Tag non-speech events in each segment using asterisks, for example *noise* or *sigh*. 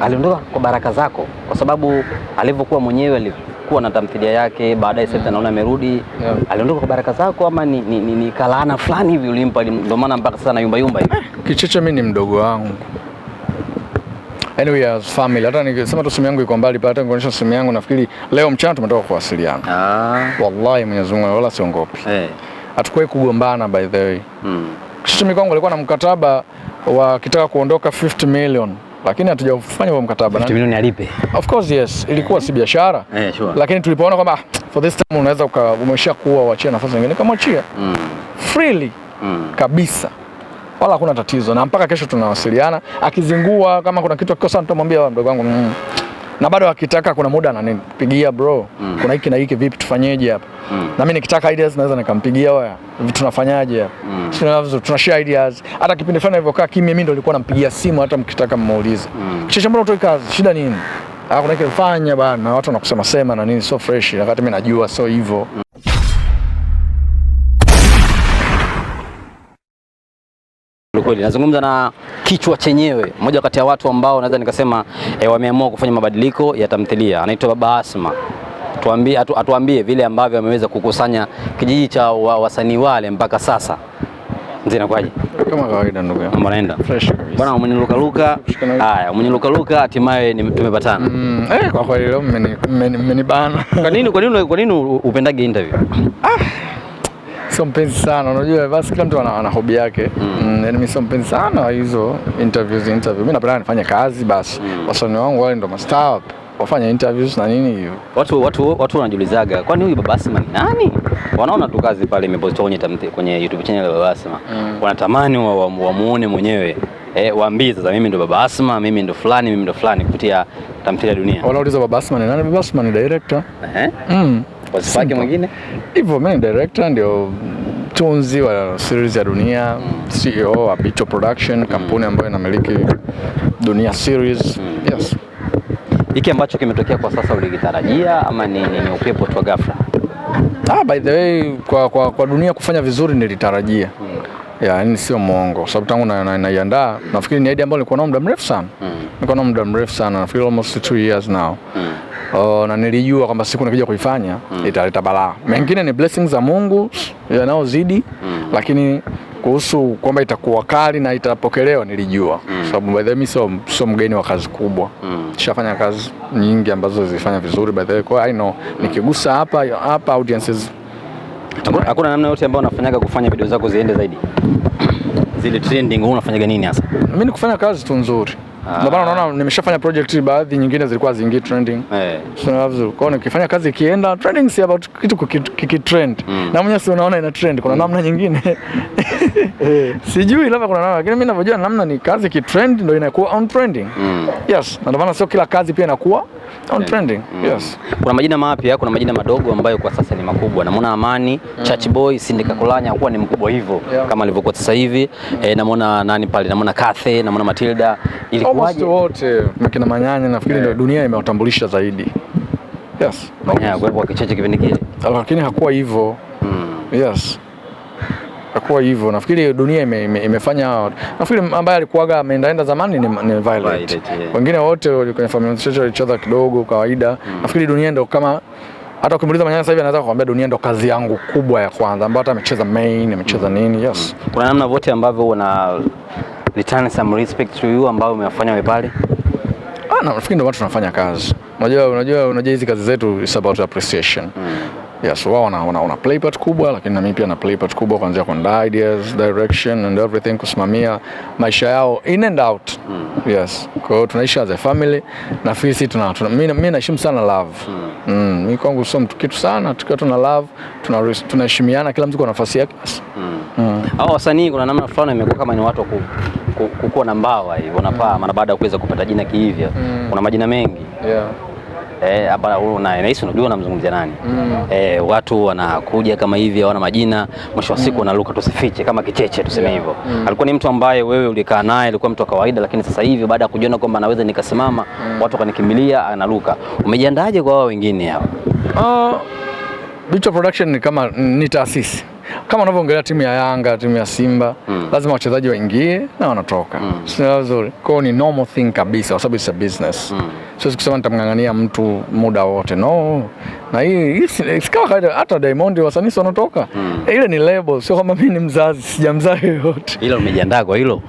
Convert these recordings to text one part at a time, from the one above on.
aliondoka kwa baraka zako, kwa sababu alivyokuwa mwenyewe alikuwa na tamthilia yake, baadaye sasa naona amerudi yeah. Aliondoka kwa baraka zako ama ni, ni, ni, ni kalaana fulani hivi ulimpa, ndio maana mpaka sasa na yumba yumba hivi? Eh, Kicheche mimi ni mdogo wangu Anyway, as family hata nikisema tu simu yangu iko mbali pale, hata nikuonyesha simu yangu, nafikiri leo mchana tumetoka kuwasiliana. Ah. Wallahi Mwenyezi Mungu wala siongopi. Eh. Hey. Hatukuwahi kugombana by the way. Mm. Kishimi kwangu alikuwa na mkataba wa kitaka kuondoka 50 million lakini hatujafanya huo mkataba. milioni alipe. Of course yes, ilikuwa si biashara yeah, sure. Lakini tulipoona kwamba ah, for this time unaweza umesha kuwa uachia nafasi nyingine, kamwachia mm. freely mm. kabisa wala hakuna tatizo, na mpaka kesho tunawasiliana. Akizingua kama kuna kitu kikosa, nitamwambia mdogo wangu Mm na bado akitaka, kuna muda ananipigia bro, mm. kuna hiki na hiki, vipi tufanyeje hapa mm. na mimi nikitaka ideas naweza nikampigia, oya, tunafanyaje hapa mm. sina, tuna share ideas. Hata kipindi fulani kaa kimya, mimi ndo nilikuwa nampigia simu, hata mkitaka mmuulize mm. kisha, mbona utoi kazi, shida nini? Ah, kuna fanya bana, watu wanakusema sema na nini, so fresh, wakati mimi najua so hivyo mm. Kweli nazungumza na kichwa chenyewe, mmoja kati ya watu ambao naweza nikasema e, wameamua kufanya mabadiliko ya tamthilia. Anaitwa Baba Asma. Tuambie, atu, atuambie vile ambavyo ameweza kukusanya kijiji cha wa, wasanii wale mpaka sasa. Nzina kwaje? Kama kawaida ndugu yangu. Mbona naenda? Fresh kabisa. Bwana luka. Haya, luka hatimaye tumepatana. Mm, eh, kwa kweli leo mmenibana. Kwa nini kwa nini kwa nini upendage interview? Ah sio mpenzi unajua basi kila mtu ana hobi yake. mm. mm sio mpenzi sana hizo interviews interview. Mimi napenda nifanye kazi basi. mm. Wasanii wangu wale ndo mastaa wafanya interviews na nini hiyo. Watu watu watu wanajiulizaga kwani huyu Baba Asma ni nani? Wanaona tu kazi pale imepostiwa kwenye kwenye YouTube channel ya Baba Asma. mm. Wanatamani wa, wa, wa muone mwenyewe. Eh, waambie sasa mimi ndo Baba Asma, mimi ndo fulani, mimi ndo fulani kupitia tamthilia Dunia. Wanauliza Baba Asma ni nani? Baba Asma ni director. Eh? Mm wazifa yake mwingine hivyo. Mimi director ndio tunzi wa series ya Dunia, CEO wa Bicho Production, kampuni mm. ambayo inamiliki Dunia series. Mm. Yes. Hiki ambacho kimetokea kwa sasa ulikitarajia ama ni, ni, ni upepo tu ghafla? Ah, by the way kwa, kwa, kwa Dunia kufanya vizuri nilitarajia mm. yaani sio mwongo, sababu tangu naiandaa na, na, nafikiri ni idea ambayo nilikuwa nao muda mrefu sana mm. nilikuwa nayo muda mrefu sana nafikiri almost two years now mm. Uh, na nilijua kwamba siku nikija kuifanya mm. italeta balaa. Mengine ni blessings za Mungu yanayozidi mm. lakini kuhusu kwamba itakuwa kali na itapokelewa nilijua mm. sababu by the way sio so mgeni wa kazi kubwa mm. shafanya kazi nyingi ambazo zifanya vizuri by the way, kwa I know nikigusa hapa hapa audiences hakuna namna yote ambayo unafanyaga kufanya video zako ziende zaidi zile trending. Unafanyaga nini hasa? Mimi nikufanya kazi tu nzuri ndio maana unaona nimeshafanya project baadhi nyingine zilikuwa zingi trending. Eh. Kwa hiyo nikifanya kazi ikienda trending si about kitu kikitrend. Mm. Na mwenyewe si unaona ina trend kuna mm. namna nyingine. *laughs* eh. Sijui labda kuna namna lakini mimi ninavyojua namna ni kazi kitrend ndio inakuwa on trending. Mm. Yes, ndio maana sio kila kazi pia inakuwa on trending. Mm. Yes. Kuna majina mapya, kuna majina madogo ambayo kwa sasa ni makubwa. Namuona Amani, mm. Church Boy, Sindika Kulanya hakuwa ni mkubwa hivyo yeah. kama alivyokuwa sasa hivi. Mm. Eh, namuona nani pale? Namuona Kathe, namuona Matilda. Ilikuwa almost wote kina Manyanya nafikiri ndio eh. dunia imewatambulisha zaidi. Yes. Manyanya kwa kichache kipindi kile. Ah, lakini hakuwa hivyo. Mm. Yes. Hakuwa hivyo. Nafikiri dunia ime, ime, imefanya nafikiri ambaye alikuwaga ameendaenda zamani ni, ni Violet. Wengine wote kwenye familia zetu walicheza kidogo kawaida. Mm. Nafikiri dunia ndio kama hata ukimuuliza Manyanya sasa hivi anaweza kukuambia dunia ndo kazi yangu kubwa ya kwanza ambayo hata amecheza main, amecheza hmm. nini. Yes. Hmm. Kuna namna vote ambavyo una return some respect to you ambao umewafanya wewe pale? Ah, na nafikiri ndio watu tunafanya kazi. Unajua, unajua, unajua hizi kazi zetu is about appreciation. Mm. Yes, wao wana, wana, wana play part kubwa lakini na mimi pia na play part kubwa kuanzia kuandaa ideas, direction and everything kusimamia maisha yao in and out. Mm. Yes. Kwa hiyo tunaishi as a family na sisi tuna, tuna mimi mimi naheshimu sana love. Mm. Mm, mimi kwangu sio mtu kitu sana, tukiwa tuna love, tuna tunaheshimiana kila mtu kwa nafasi yake. Mm. Mm. Hao wasanii kuna namna fulani imekuwa kama ni watu wakubwa kukuwa na mbawa hivyo mm. na paa, maana baada ya kuweza kupata jina kihivyo mm. kuna majina mengi yeah. Eh, hapa nahisi unajua unamzungumzia nani? mm. Eh, watu wanakuja kama hivi hawana majina, mwisho wa siku mm. tusifiche kama kicheche tuseme hivyo yeah. mm. alikuwa ni mtu ambaye wewe ulikaa naye, alikuwa mtu wa kawaida, lakini sasa hivi baada ya kujiona kwamba naweza nikasimama mm. watu wakanikimbilia, analuka. Umejiandaje kwa wao wengine hawa? Uh, Bicho Production ni kama ni taasisi kama unavyoongelea timu ya Yanga, timu ya Simba mm. lazima wachezaji waingie na wanatoka mm. sio nzuri. Kwa hiyo ni normal thing kabisa, kwa sababu it's a business mm. siwezi sikusema nitamng'ang'ania mtu muda wote no, na hii sikawa kawaida. Hata Diamond wasanii wanatoka mm. ile ni label, sio kama mimi ni mzazi, sijamzaa yoyote. Ila umejiandaa kwa hilo?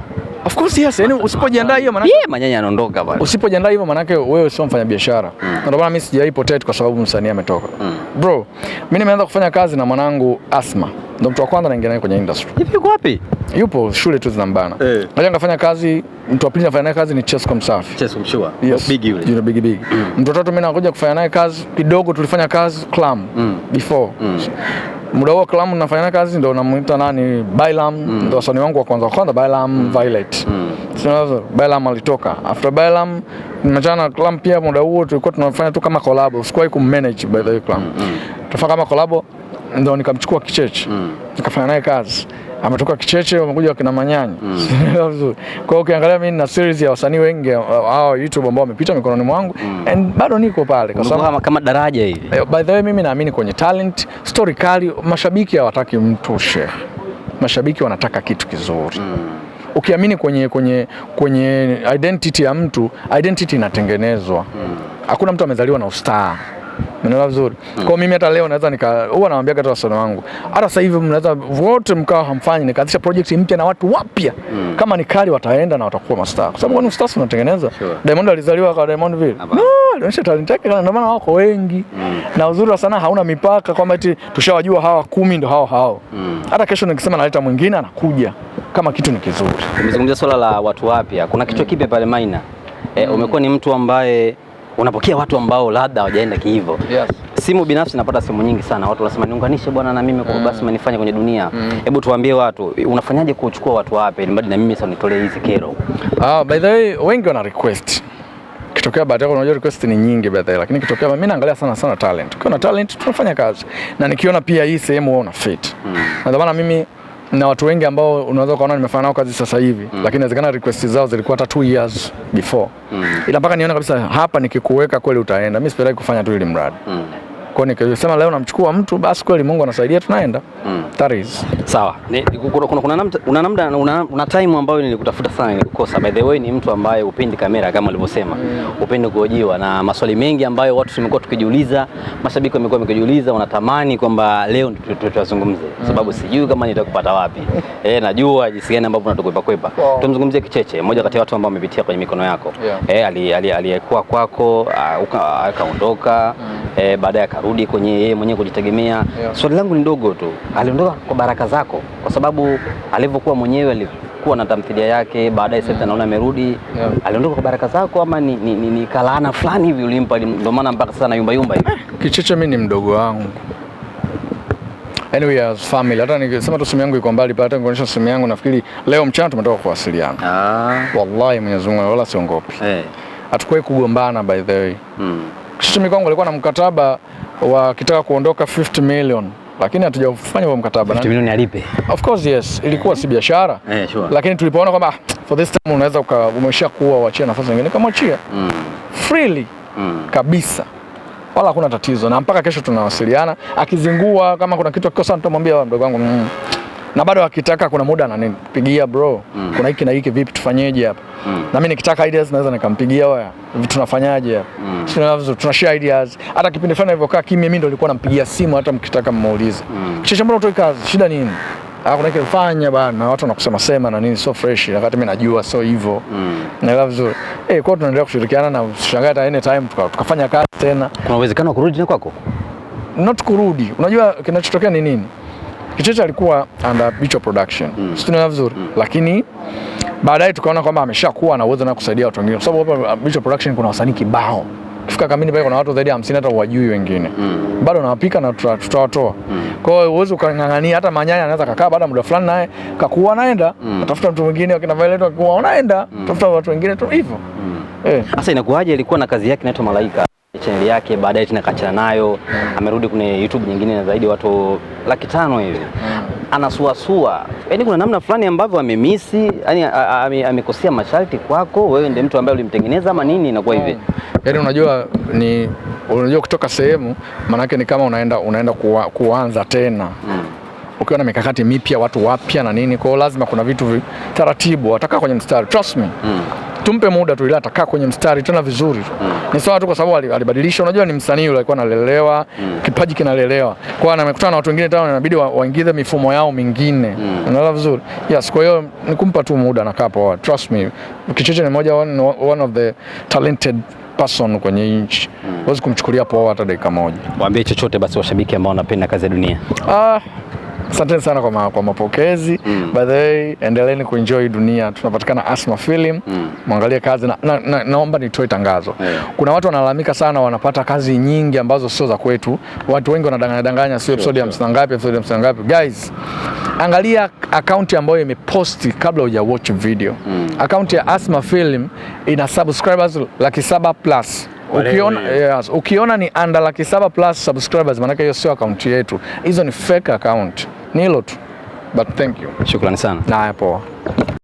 Of course yes, yani usipojiandaa hiyo maana Yeye manyanya anaondoka bwana. Usipojiandaa hivyo maana yake wewe sio mfanya biashara. Mm. Ndio maana mimi sijai potet kwa sababu msanii ametoka. Mm. Bro, mimi nimeanza kufanya kazi na mwanangu Asma. Ndio mtu wa kwanza naingia naye kwenye industry. Yuko wapi? Yupo shule tu zinambana. Eh. Hey. Nafanya kazi, mtu wa pili nafanya naye kazi ni Chesco Msafi. Chesco Mshua. Yes. Big yule. Yule big big. Mm. Mtu wa tatu mimi nakuja kufanya naye kazi kidogo tulifanya kazi club mm. before. Mm muda huo klamu nafanya kazi ndo namuita nani Bailam, mm. ndo wasanii wangu wa kwanza wa kwanza Bailam mm. Violet mm. Bailam alitoka. After Bailam nimechana na pia, muda huo tulikuwa tunafanya tu kama collab, sikuwahi kummanage by the way Mm. mm. Tufanya kama collab ndo nikamchukua Kicheche mm. nikafanya naye kazi, ametoka Kicheche wamekuja wakina Manyanya mm. *laughs* kwa hiyo ukiangalia mimi na series ya wasanii wengi hao YouTube ambao wamepita mikononi mwangu mm. and bado niko pale kwa sababu kama, kama daraja hili. Eh, by the way mimi naamini kwenye talent, story kali, mashabiki hawataki mtu she mashabiki wanataka kitu kizuri mm. Ukiamini kwenye, kwenye, kwenye identity ya mtu, identity inatengenezwa. Mm. Hakuna mm. mtu amezaliwa na ustaa Unaelewa vizuri. Mm. Kwa mimi hata leo naweza nika huwa naambia hata wasanii wangu. Hata sasa hivi mnaweza wote mkao hamfanyi nikaanzisha project mpya na watu wapya. Mm. Kama ni kali wataenda na watakuwa mastaa. Kwa sababu kwani stars unatengeneza. Sure. Diamond alizaliwa kwa Diamond vile. No, alionyesha talent yake kana ndio maana wako wengi. Mm. Na uzuri wa sanaa hauna mipaka kwamba eti tushawajua hawa kumi ndio hao hao. Mm. Hata kesho nikisema naleta mwingine anakuja kama kitu ni kizuri. Umezungumzia swala la watu wapya. Kuna kichwa kipya pale Maina. Eh, umekuwa ni mtu ambaye unapokea watu ambao labda hawajaenda kihivyo. Yes. Simu binafsi napata simu nyingi sana, watu wanasema niunganishe bwana na mimi kwa mm. basi manifanye kwenye dunia. Mm. Hebu mm. tuambie watu unafanyaje kuchukua watu wapi ili na mimi sasa nitolee hizi kero? Ah, by the way wengi wana request kitokea bahati yako, unajua request ni nyingi by lakini kitokea mimi naangalia sana sana talent. Ukiona talent tunafanya kazi, na nikiona pia hii sehemu wewe una fit mm. na dhamana mimi na watu wengi ambao unaweza ukaona nimefanya nao kazi sasa hivi mm. lakini inawezekana request zao zilikuwa hata 2 years before mm. ila mpaka niona kabisa hapa nikikuweka kweli utaenda. Mimi sipendi kufanya tu ili mradi mm. Kwa hiyo nikisema leo namchukua mtu, basi kweli Mungu anasaidia, tunaenda mm. That is sawa. Ni, kuna, kuna, kuna namda, una, namda, una, una time ambayo nilikutafuta sana nilikukosa. By the way, ni mtu ambaye upendi kamera kama ulivyosema, upendi kuojiwa, na maswali mengi ambayo watu tumekuwa tukijiuliza, mashabiki wamekuwa wakijiuliza, wanatamani kwamba leo tuwazungumze, mm. sababu sijui kama nitakupata wapi *laughs* eh, najua jinsi gani ambavyo unatukwepa kwepa. Tumzungumzie Kicheche, mmoja kati ya watu ambao wamepitia kwenye mikono yako, yeah. Eh, aliyekuwa kwako ah, akaondoka mm e, baadaye akarudi kwenye yeye mwenyewe kujitegemea yeah. Swali langu ni dogo tu, aliondoka kwa baraka zako, kwa sababu alivyokuwa mwenyewe alikuwa na tamthilia yake, baadaye sasa naona amerudi yeah. Aliondoka kwa baraka zako ama ni, ni, ni, ni kalaana fulani hivi ulimpa, ndio maana mpaka sasa na yumba yumba hivi? Eh, Kicheche, mimi ni mdogo wangu Anyway, as family hata nikisema tu simu yangu iko mbali pale, hata nikuonyesha simu yangu, nafikiri leo mchana tumetoka kuwasiliana. Ah. Wallahi Mwenyezi Mungu wala siongopi. Eh. Hey. Hatukwahi kugombana by the way. Mm. Kishtu Mikongo alikuwa na mkataba wa kitaka kuondoka 50 million lakini hatujafanya huo mkataba. 50 milioni alipe. Of course yes, ilikuwa si biashara. Eh, sure. Lakini tulipoona kwamba ah, for this time unaweza umesha kuwa uachia nafasi nyingine kama Mm. Freely. Mm. Kabisa. Wala hakuna tatizo na mpaka kesho tunawasiliana, akizingua kama kuna kitu kikosa nitamwambia mdogo wangu. Mm, na bado akitaka, kuna muda ananipigia bro, mm. kuna hiki na hiki, vipi tufanyeje hapa mm. na mimi nikitaka ideas naweza nikampigia, waya tunafanyaje hapa mm. tunaweza tuna share ideas. Hata kipindi fulani nilivyokaa kimya, mimi ndo nilikuwa nampigia simu, hata mkitaka mmuulize mm. kisha mbona utoi kazi, shida nini? Ah, kuna kile fanya bana, watu wanakusema sema na nini, so fresh, wakati mimi najua so hivyo mm. naelewa vizuri eh, hey, kwa tunaendelea kushirikiana na shangaa, any time tukafanya kazi tena. Kuna uwezekano kurudi na kwako, not kurudi. Unajua kinachotokea ni nini? Kitete alikuwa under Bicho Production mm. Sisi tunaona vizuri mm. lakini baadaye tukaona kwamba ameshakuwa na uwezo na kusaidia watu wengine, kwa sababu hapa uh, Bicho Production kuna wasanii kibao kufika kamini pale kuna watu zaidi ya 50 hata wajui wengine mm. bado nawapika na tutawatoa mm. kwa hiyo uwezo ukang'ang'ania. Hata manyanya anaweza kakaa baada muda fulani naye kakuwa anaenda mm. atafuta mtu mwingine, akina Violet akakuwa anaenda mm. tafuta watu wengine tu hivyo mm. eh. Sasa Inakuwaje, ilikuwa na kazi yake inaitwa Malaika channel yake baadaye tena kachana nayo, amerudi kwenye YouTube nyingine na zaidi watu laki tano hivi, anasuasua. Yaani kuna namna fulani ambavyo amemisi, yani amekosea masharti kwako wewe, ndiye mtu ambaye ulimtengeneza ama nini, inakuwa hivi mm. yaani unajua ni unajua kutoka sehemu, maanake ni kama unaenda unaenda kuwa, kuanza tena mm ukiwa na mikakati mipya, watu wapya na nini, kwao lazima kuna vitu vi, taratibu, atakaa kwenye mstari. Trust me mm. Tumpe muda tu, ila atakaa kwenye mstari tena vizuri tu mm. Ni sawa tu, kwa sababu alibadilisha. Unajua ni msanii yule, alikuwa analelewa mm. Kipaji kinalelewa kwao, amekutana na watu wengine tena, inabidi waingize mifumo yao mingine mm. Unaelewa vizuri yes. Kwa hiyo nikumpa tu muda na kapo, trust me, Kicheche ni moja one, one of the talented person kwenye nchi mm. Wezi kumchukulia poa hata dakika moja. Waambie chochote basi washabiki ambao wanapenda kazi ya Dunia. Ah, Asanteni sana kwa, ma, kwa mapokezi mm. By the way, endeleeni kuenjoy dunia. Tunapatikana Asma Film mm. Mwangalie kazi na, na, na, naomba nitoe tangazo yeah. Kuna watu wanalalamika sana, wanapata kazi nyingi ambazo sio za kwetu. Watu wengi wanadanganya danganya, sio episode ya hamsini ngapi, episode ya hamsini ngapi. Guys, angalia akaunti ambayo imeposti kabla hujawatch video mm. Akaunti ya Asma Film ina subscribers laki saba plus ukiona, yes, ukiona ni under laki saba plus subscribers, maanake hiyo sio account yetu, hizo ni fake account. Ni hilo tu, but thank you, shukrani sana. Naya poa.